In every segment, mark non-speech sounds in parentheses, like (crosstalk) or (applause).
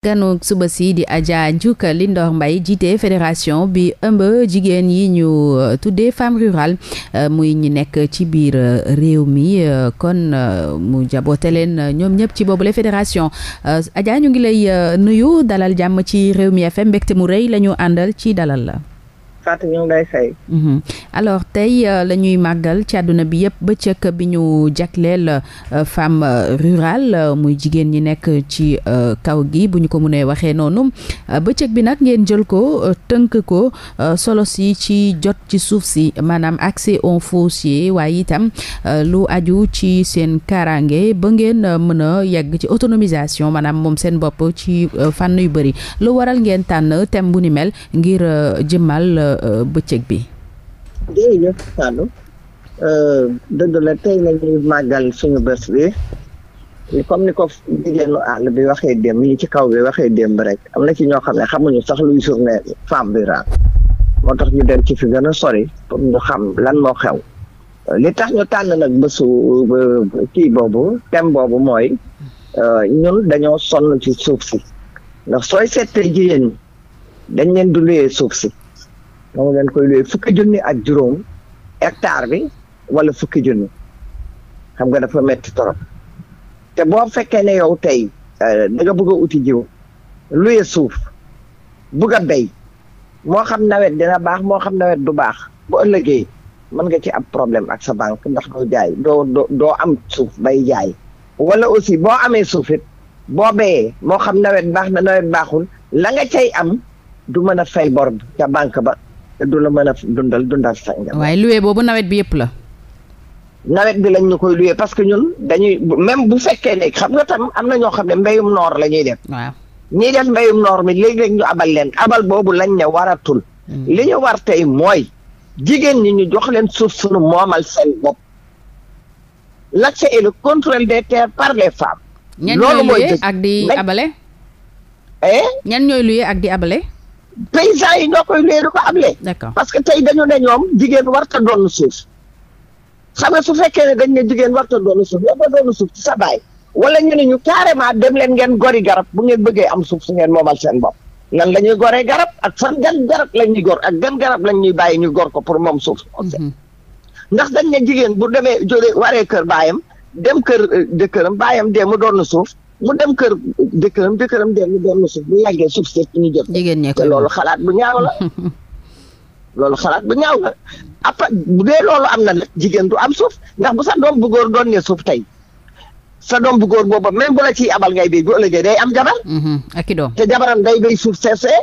ganu suba si di Adja Ndiouka Lindor mbay jiite fédération bi ëmba jigéen yi ñu euh, tuddee femme rural euh, muy ñi nekk ci biir euh, réew mi kon mu jaboote leen ñoom ñëpp ci boobule fédération Adja ñu ngi lay nuyu dalal jàmm ci réew mi FM mbégte mu rëy la ñu àndal ci dalal la. Fatou mhm. ñu tey euh, la ñuy màggal ci àdduna bi yëpp bëccëg bi ñu jagleel euh, femme euh, rural muy jigéen ñi nekk ci kaw gi bu ñu ko munee waxee noonu bëccëg bi nag ngeen jël ko tënk ko solo si ci jot ci suuf si maanaam accès au foncier waaye itam lu aju ci seen kaaraange ba ngeen mën a yegg ci autonomisation maanaam moom seen bopp ci fànn yu bëri lu waral ngeen tànn thème bu ni mel ngir jëmmal Euh, bëccëg bi. jërëjëf Fallou euh, dëgg la tey nañuy màggal suñu bés bi comme ni ko jigéenu àll bi waxee démb ñi ci kaw bi waxee démb rek am na ci ñoo xam ne xamuñu sax lu journée femme rurale moo tax ñu dem ci fi gën a sori pour ñu xam lan moo xew euh, li tax ñu tànn nag bésu kii boobu thème boobu mooy ñun dañoo sonn ci suuf si ndax sooy seetee jigéen ñi dañ leen du luyee suuf si dama leen koy luwee fukki junni ak juróom hectare bi wala fukki junni xam nga dafa metti torop te boo fekkee ne yow tey euh, da nga bëgg a uti jiw luye suuf bëgg a béy moo xam nawet dina baax moo xam nawet du baax boo ëllëgee mën nga ci am problème ak sa banque ndax doo jaay doo am suuf bay jaay wala aussi boo amee suuf boo béyee moo xam nawet baax na nawet baaxul la nga cay am du mën a fay bor ca banque ba du la mën a dundal dundal sa njaboot. waaye luwe boobu nawet bi yëpp la. nawet bi lañ ñu koy luwe parce que ñun dañuy même bu fekkee ne xam nga tam am na ñoo xam ne mbéyum noor lañuy ñuy def. waaw ñiy def mbéyum noor mi léeg-léeg ñu abal leen abal boobu lañ ne waratul. Hmm. li ñu war tey mooy jigéen ñi ñu jox leen suuf suñu moomal seen bopp. l'accès et le contrôle des terres par les femmes. loolu mooy eh? ak di abale. ñan ñooy luye ak di abale. paysans yi ñoo koy léegi ko amee. parce que tey dañu ne ñoom jigéen warta doon suuf. xam nga su fekkee ne dañ ne jigéen warta doon suuf yow ba doon suuf ci sa baay wala ñu ne ñu carrément dem leen ngeen gori garab bu ngeen bëggee am suuf su ngeen moomal seen bopp. nan la ñuy goree garab ak fan gan garab la ñuy gor ak gan garab la ñuy bàyyi ñu gor ko pour moom suuf. Mhm. ndax dañ ne jigéen bu demee jóge waree kër baayam dem kër dëkkëram euh, baayam dem mu doon suuf. mu dem kër jëkkëram jëkkëram dellu dellu suuf bu yàggee suuf seet ñu jot. jigéen ñi te loolu xalaat bu ñaaw la. (laughs) loolu xalaat bu ñaaw la après bu dee loolu am na nag jigéen du am suuf ndax bu sa doom bu góor doon ne suuf tey sa doom bu góor boobu même bu la ci abal ngay béy bu ëllëgee day am jabar. Mm-hmm. doom te jabaram day béy suuf seesee.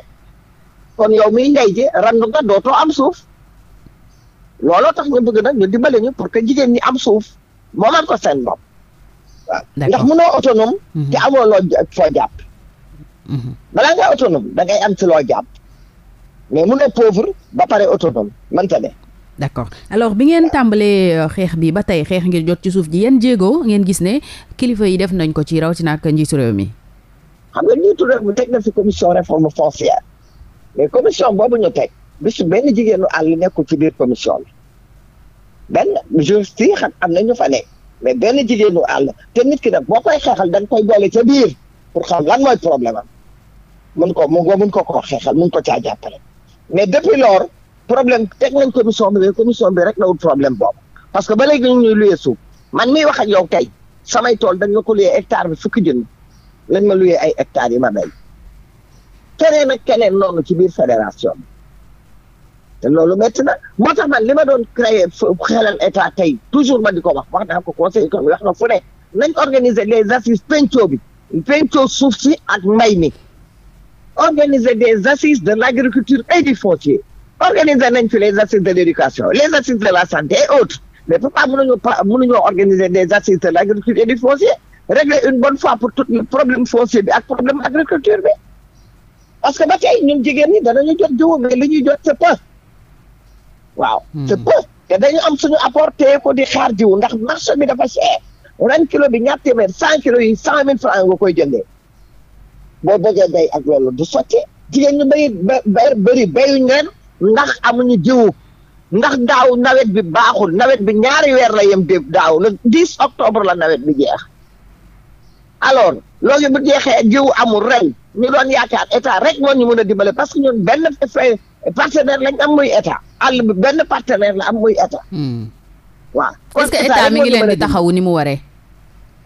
kon yow miy ndey ji rand nga dootoo am suuf looloo tax ñu bëgg nag ñu dimbale ñu pour que jigéen ñi am suuf moomal ko seen bopp. ndax mënoo autonome. Mhm. te amoo loo foo jàpp. Mhm. balaa ngaa autonome da ngay am ci loo jàpp mais mënoo pauvre ba pare autonome mënta ne. d'accord alors bi ngeen tàmbalee euh, xeex bi ba tey xeex ngir jot ci suuf ji yéen jéego ngeen gis ne kilifa yi def nañ ko ci rawatina ak njiitu réew mi. xam nga njiitu réew mi teg na fi commission réforme foncière mais commission boobu ñu teg bisu benn jigéenu àll nekkul ci biir commission bi benn juriste yi xam am na ñu fa nekk. mais benn jigéenu àll te nit ki nag boo koy xeexal da nga koy boole ca biir pour xam lan mooy problème am mun ko mun ko mun ko koo xeexal mun ko caa jàppale mais depuis lors problème teg nañ commission bi mais commission bi rek na wut problème boobu parce que ba léegi ñu ñuy luyee suuf man miy wax a yow tey samay tool dañ ma ko luyee hectare bi fukki jën lañ ma luyee ay hectares yi ma béy keneen ak noonu ci biir fédération bi te loolu métti na moo tax man li ma doon créer xelal état tey toujours ma di ko wax wax naa ko conseil économique wax na fu ne nañ organiser des assises pencoo bi pencoo suuf si ak mbay mi organiser des assises de l' agriculture et du foncier organiser nañ fi les assises de l' éducation les assises de la santé et autres mais pourquoi mënuñu pas mënuñoo organiser des assises de l' agriculture et du foncier régler une bonne fois pour tout le problème foncier ak problème agriculture bi parce que ba tey ñun jigéen ñi danañu jot jiw mais li ñuy jot c'est waaw hmm. c'est peu te dañu am suñu apporté ko di xaar jiw ndax marché bi dafa cher ren kilo bi ñaar téeméer cent kilos yi cent mille franc nga koy jëndee boo bëggee bay ak loolu du sotti jigéen ñu bay bay bëri bayuñ ren ndax amuñu jiw ndax daaw nawet bi baaxul nawet bi ñaari weer lay yem déeb daaw la dix octobre la nawet bi jeex alors loolu bu jeexee jiwu amul ren ñu doon yaakaar état rek moo ñu mën a dimbale parce que ñun benn parce partenaire lañ am muy état àll bi benn partenaire la am muy état. Hmm. waaw est mi ngi leen di taxawu ni mu waree.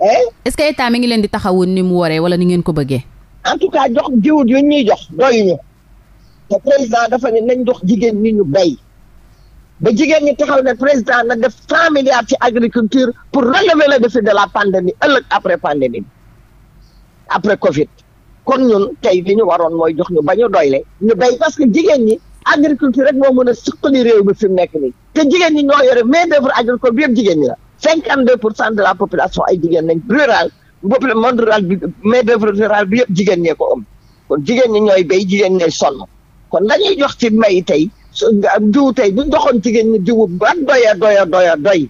Eh? est-ce que état mi ngi leen di taxawu ni mu waree wala ni ngeen ko bëggee. en tout cas jox jiwut yu ñuy jox doy ñu te président dafa ne nañ jox jigéen ñi ñu bay ba jigéen ñi taxaw ne président na def cent milliards ci agriculture pour relever le défi de la pandémie ëllëg après pandémie après Covid kon ñun tey li ñu waroon mooy jox ñu ba ñu doyle ñu béy parce que jigéen ñi. agriculture rek moo mën a suqali réew mi fi jigéen ñi ñoo yore main d'œuvre agricole bi yëpp jigéen ñi la cinquante deux pour cent de la population ay jigéen lañ rural bopp le rural bi main jigéen ñee ko am kon jigéen ñi ñooy béy jigéen ñooy sonn kon dañuy jox ci may tey jiw tey bu doxoon jigéen ñi jiwu ba doya doya doya doy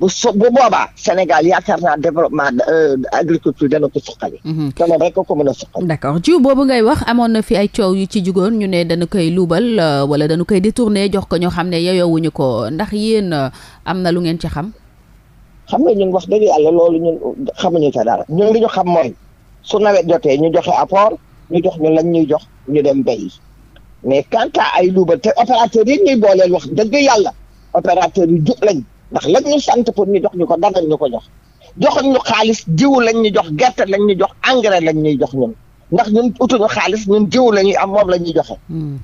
bu so bu boobaa Sénégal yaakaar naa développement euh, agriculture dana ko suqali. Mhm. te loolu rek ko mën a suqali. d'accord jiw boobu ngay wax amoon na fi ay coow yu ci jugoon ñu ne dana koy luubal euh, wala dana koy détourner jox ko ñoo xam ne yeyowuñu ko ndax yéen euh, am na lu ngeen ci xam. xam nga ñun wax dëgg yàlla loolu ñun xamuñu ca dara. ñun li ñu xam mooy su nawet jotee ñu joxe apport ñu jox ñu lañ ñuy jox ñu dem béy mais quant ay luubal te opérateur yi ñuy booleel wax dëgg yàlla opérateur yu jub ndax lañ ñu sant pour ñu jox ñu ko danañ ñu ko jox joxuñ ñu xaalis jiw lañ ñu jox gerte lañ ñu jox engrais lañ ñuy jox ñun ndax ñun utuñu xaalis ñun jiw la ñuy am moom la ñuy joxe. Hmm.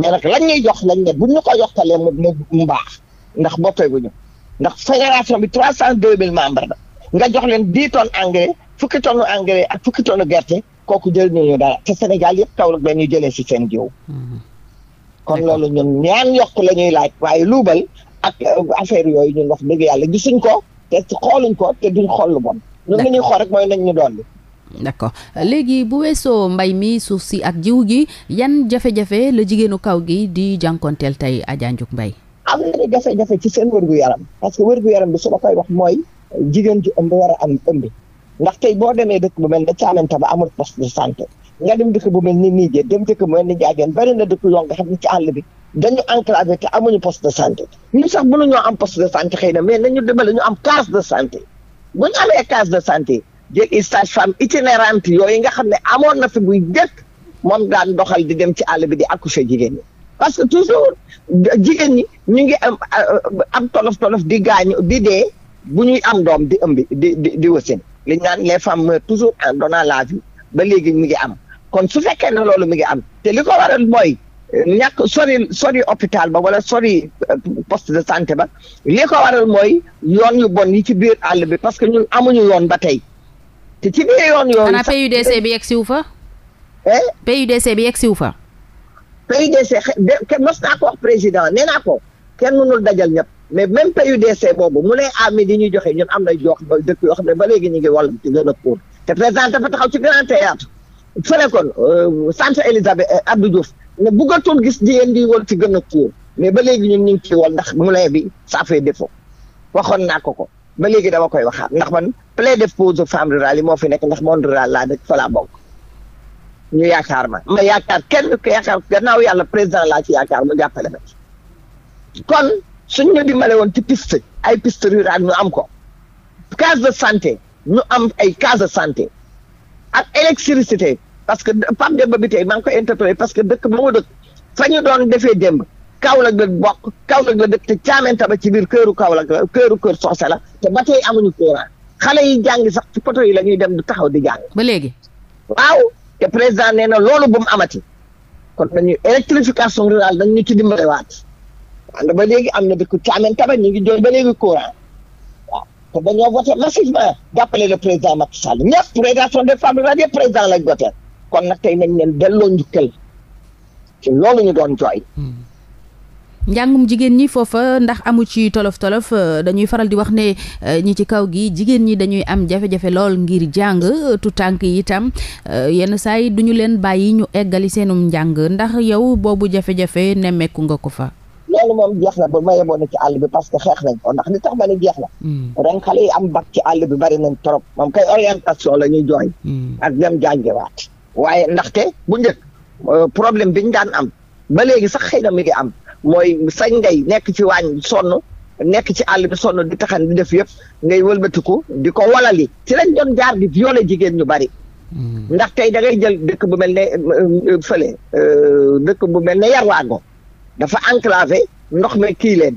mais nag lañ ñuy jox lañ ne buñ ñu ko yokkalee mu mu baax ndax boppee guñu ndax fédération bi trois cent deux mille membres la nga jox leen dix tonnes engrais fukki tonnes engrais ak fukki tonnes gerte kooku jël ñu dara te Sénégal yëpp Kaolack ba ñu jëlee si seen jiw. Hmm. kon loolu ñun ñaan yokk la ñuy laaj waaye luubal ak euh, affaire yooyu ñun wax dëgg yàlla gisuñ ko te xooluñ ko te duñ xool lu bon. ñun li ñuy xool rek mooy nañ ñu dolli. d'accord léegi bu weesoo mbay mi suuf si ak jiw gi yan jafe-jafe la jigéenu kaw gi di jànkonteel tey Adja Ndiouk Mbaye am na jafe-jafe ci seen wér-gu-yaram parce que wér-gu-yaram bi su ma koy wax mooy euh, jigéen ji ëmb war a am ëmb ndax tey boo demee dëkk bu mel ne Thiamène ba amul poste de santé nga dem dëkk bu mel ni Niger dem dëkk mooy mel ni Ndiadiène bari na dëkk yoo nga xam ne ci àll bi dañu enclavé te amuñu poste de santé ñun sax mënuñoo am poste de santé xëy na mais nañu dimbale ñu am case de santé bu ñu amee case de santé jël stage femme itinérante yooyu nga xam ne amoon na fi buy jëkk moom daan doxal di dem ci àll bi di accoucher jigéen parce que toujours jigéen ñi ñu ngi am euh, am tolof tolof di gaañu di dee bu ñuy am doom di ëmbi di di di wasin li ñu naan les femmes toujours en donnant la ba léegi mi ngi am kon su fekkee ne loolu mi ngi am te li mooy ñàkk sori sori hôpital ba wala sori euh, post de santé ba li ko waral mooy yoon yu bon yi ci biir àll bi parce que ñun amuñu yoon ba tey te ci biir yoon yooyu. xanaa PUDC bi yegg si wu fa. eh PUDC bi yegg si wu fa. PUDC xe mos naa ko président nee naa ko kenn mënul dajal ñëpp mais même PUDC boobu mu ne ah mi di ñuy joxe ñun am na jox ba dëkk yoo xam ne ba léegi ñu ngi wàllum ci gën a pour te président dafa taxaw ci grand théâtre fële kon euh, centre Elisabeth euh, Abdou Diouf ne bëggatoon gis jigéen bi wal ci gën a kuur mais ba léegi ñu ngi ci wal ndax moulin bi ça fait waxoon naa ko ko ba léegi dama koy waxaat ndax man def pose femme rurale yi moo fi nekk ndax monde rural laa dëkk fa laa ñu yaakaar ma ma yaakaar kenn ku yaakaar gannaaw yàlla président laa ci yaakaar mu jàppale ma kon suñ ñu male woon ci piste ay piste rurale ñu am ko case de santé ñu am ay case de santé ak électricité parce que Pape Demba bi tey maa ngi koy interpellé parce que dëkk ba ma dëkk fa ñu doon defee démb Kaolack la bokk Kaolack la dëkk te Thiamène Taba ci biir këru Kaolack la këru kër Socé la te ba tey amuñu courant xale yi jàngi sax ci poto yi la ñuy dem du taxaw di jàng. ba léegi. waaw te président nee na loolu bu mu amati kon nañu électrification rurale dañ ñu ci dimbale waat ànd ba léegi am na dëkk Thiamène Taba ñu ngi jooy ba léegi courant. te dañoo voté massivement jàppale le président Macky Sall kon nag tey nañ leen delloo njukkal ci loolu ñu doon jooy. njàngum jigéen ñi foofa ndax amu ci tolof tolof euh, dañuy faral di wax ne euh, ñi ci kaw gi jigéen ñi dañuy am jafe-jafe lool ngir jàng euh, tu tànk yi itam yenn saa yi duñu leen bàyyi ñu eggali seenum njàng ndax yow boobu jafe-jafe nemmeeku nga ko fa. loolu moom jeex na ba ma yeboon na ci àll bi parce que xeex nañ ko ndax li tax ma ne jeex na. Hmm. ren xale yi am bac ci àll bi bari nañ trop moom kay orientation la ñuy jooy. Hmm. waaye ndaxte bu njëkk euh, problème bi daan am ba léegi sax xëy na mi ngi am mooy sañ ngay nekk ci waañ sonn nekk ci àll bi sonn di taxan di def yëpp ngay wëlbatiku di ko walali ci lañ doon jaar di violer jigéen ñu bari hmm. ndaxte dangay jël dëkk bu mel ne euh, fële euh, dëkk bu mel ne Yarwaango dafa enclavé ndox mi kii leen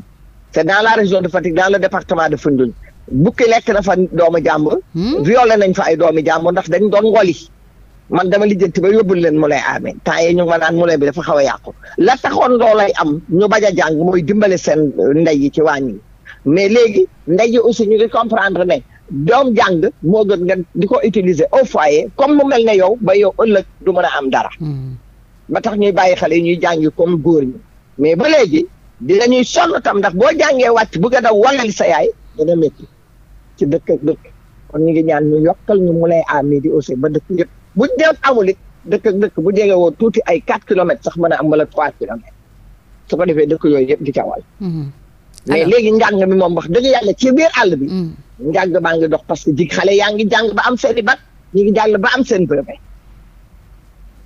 c'est dans la région de Fatick dans le département de Foundiougne bukki lekk na fa doomu jàmbur. Hmm. violé nañ fa ay doomi jàmbur ndax dañ doon ngoli man dama lijjanti ba yóbbul leen Moulay Amé temps yii ñu ma naan Moulay bi dafa xaw a yàqu la taxoon loolay am ñu bañ a jàng mooy dimbale seen euh, ndey yi ci wàññi mais léegi ndey yi aussi ñu ngi ne doom jàng moo gën nga di ko utiliser au foyer comme mu mel ne yow ba yow ëllëg du mën a am dara. Hmm. tax ñuy bàyyi xale yi ñuy jàngi comme góor ñi mais ba léegi dinañuy sonn tam ndax boo jàngee wàcc bu nga daw walali sa yaay dina métti ci dëkk ak dëkk kon ñu ngi ñaan ñu yokkal ñu Moulay Amé di aussi ba dëkk yëpp. bu dee amul it dëkk ak dëkk bu jege woo tuuti ay quatre kilomètres sax man a am wala trois kilomètres su ko defee dëkk yooyu yëpp di cawal mhm. mais léegi njàng mi moom wax dëgg yàlla ci biir àll bi mhm. njàng baa ngi dox parce que jig xale yaa ngi jàng ba am seen i bat ñu ngi jàng ba am seen brevet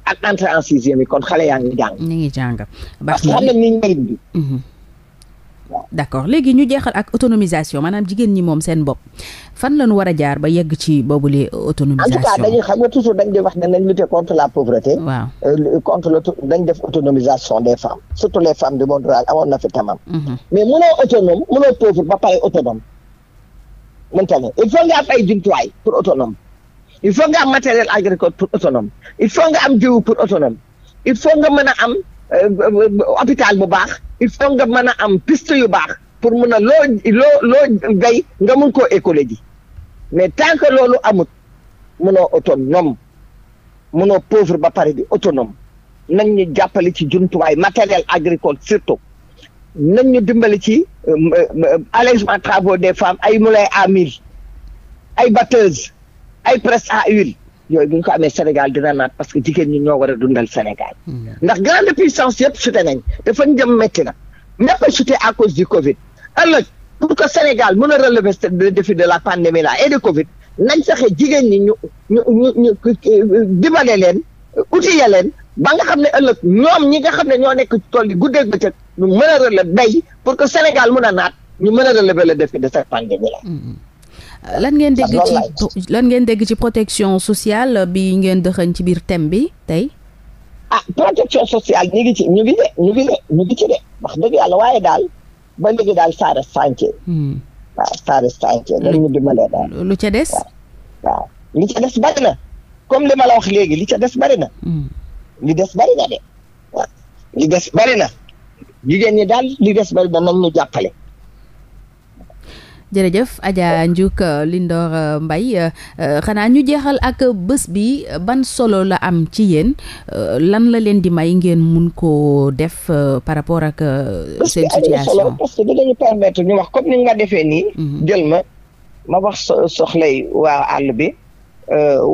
ak entrée en sixième yi kon xale yaa ngi jàng ñu ngi jàng parce que xam na ni njëriñ d'accord léegi ñu jeexal ak autonomisation maanaam jigéen ñi moom seen bopp fan la ñu war a jaar ba yegg ci boobule autonomisation. en tout cas dañuy xam nga toujours dañ di wax ne nañ euh, def autonomisation des femmes surtout les femmes du monde amoon na fi tamam. Mhm. mais mënoo autonome mënoo pauvre ba pare autonome. mënta ne il faut nga am ay agricole pour autonome il faut nga am jiwu pour autonome il faut nga mën a am. Euh, hôpital bu baax il faut nga mën a am piste yu baax pour mun a loo loo gay nga mun koo école ji mais tant que loolu amut munoo autonome munoo pauvre ba pare di autonom nañ ñu jàppale ci jumtuwaay matériel agricole surtout nañ ñu dimbali ci euh, euh, allègement travaux des femmes ay moulins à mil ay batteuses ay presse à huile yooyu bu ko amee Sénégal dina naat parce que jigéen ñi ñoo war a dundal Sénégal. Hmm. ndax grande puissance yëpp sute nañ dafa jëm métti na. ñëpp a sute à cause du Covid ëllëg pour que Sénégal mën a relever le défi de la pandémie là et de Covid nañ fexe jigéen ñi ñu ñu ñu ñu dimbale leen outillé leen. ba nga xam ne ëllëg ñoom ñi nga xam ne ñoo nekk ci tool yi guddeeg bëccëg ñu mën a relever bay pour que Sénégal mën a naat ñu mën a relever le défi de cette pandémie lan ngeen dégg ci lan ngeen dégg ci protection sociale bi ngeen dëxañ ci biir thème bi tey. ah protection sociale ñu ngi ci ñu ngi de ñu ngi de ñu ngi ci de wax dëgg yàlla waaye daal ba léegi daal ça reste chantier. Hmm. waaw ça reste chantier dañ ñu dimbalee daal. lu ca des. waaw li ca des bari na comme li ma la wax léegi li ca des bari na. Hmm. li des bari na de. waaw li des bari na jigéen ñi daal li des bari na nañ ñu jàppale. jërëjëf Adja Ndiouk euh, Lindor euh, Mbaye euh, xanaa ñu jeexal ak bés bi ban solo la am ci yéen lan la leen di may ngeen mun koo def par rapport ak seen situation solo parce que dinañu permettre ñu wax comme ni nga defee nii mhm. jël ma ma wax soxlay waa àll bi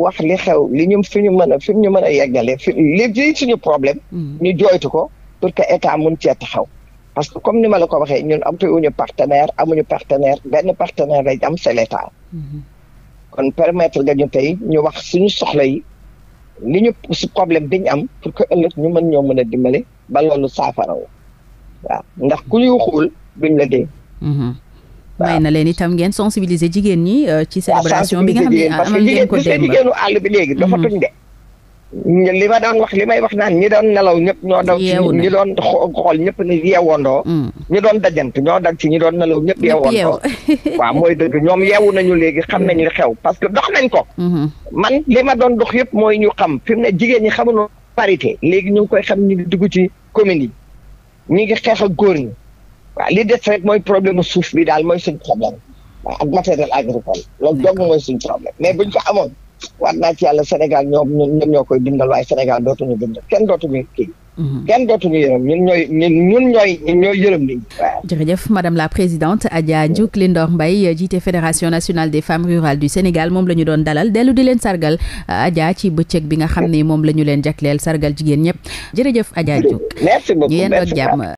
wax li xew li ñu fi ñu mën a fi ñu mën a yeggale fi li suñu problème mhm. ñu jooytu ko pour que état mun cee taxaw parce que comme ni ma ko waxee ñun am uñu partenaire amuñu partenaire benn partenaire lañ am c'est l'État mhm. kon permettre nga ñu tey ñu wax suñu soxla yi li ñu si problème bi am pour que ëllëg ñu mën ñoo mën a dimbale ba loolu saafara waaw ndax ku ñu waxul duñ la dee. Mhm. may na leen itam ngeen sensibiliser jigéen ñi euh, ci célébration bi nga xam ne ko démb jigéenu àll bi léegi mhm. dafa tuñ de li ma doon wax li may wax naan ñi doon nelaw ñëpp ñoo daw ci ñi doon xool ñëpp ne yeewandoo mm. ñi doon dajant ñoo dag ci ñi doon nelaw ñëpp yeewandoo (laughs) waaw mooy dëgg ñoom yeewu nañu léegi xam nañu xew parce que dox nañ ko mm-hmm. man li ma doon dox yëpp mooy ñu xam fi mu ne jigéen ñi xamuñu parité léegi ñu ngi koy xam ñu ngi dugg ci commune yi ñu ngi xeex ak góor ñi waaw li des rek mooy problème suuf bi daal mooy suñ problème waaw ak matériel agricole loolu dong mooy suñ problème mais buñ ko amoon waa naa ci yàlla Sénégal ñoom ñoom ñoo koy dindal waaye Sénégal dootuñu dundal kenn dootuñu kii. Mhm. kenn dootuñu yërëm ñun ñooy ñun ñooy ñooy yërëm nit ñi. jërëjëf madame la présidente Adja Ndiouk Lindor Mbaye jiite fédération nationale des femmes rurales du Sénégal moom la ñu doon dalal dellu di leen sargal Adja ci bëccëg bi nga xam ni moom la ñu leen jagleel sargal jigéen ñëpp jërëjëf Adja Ndiouk. merci beaucoup merci jàmm.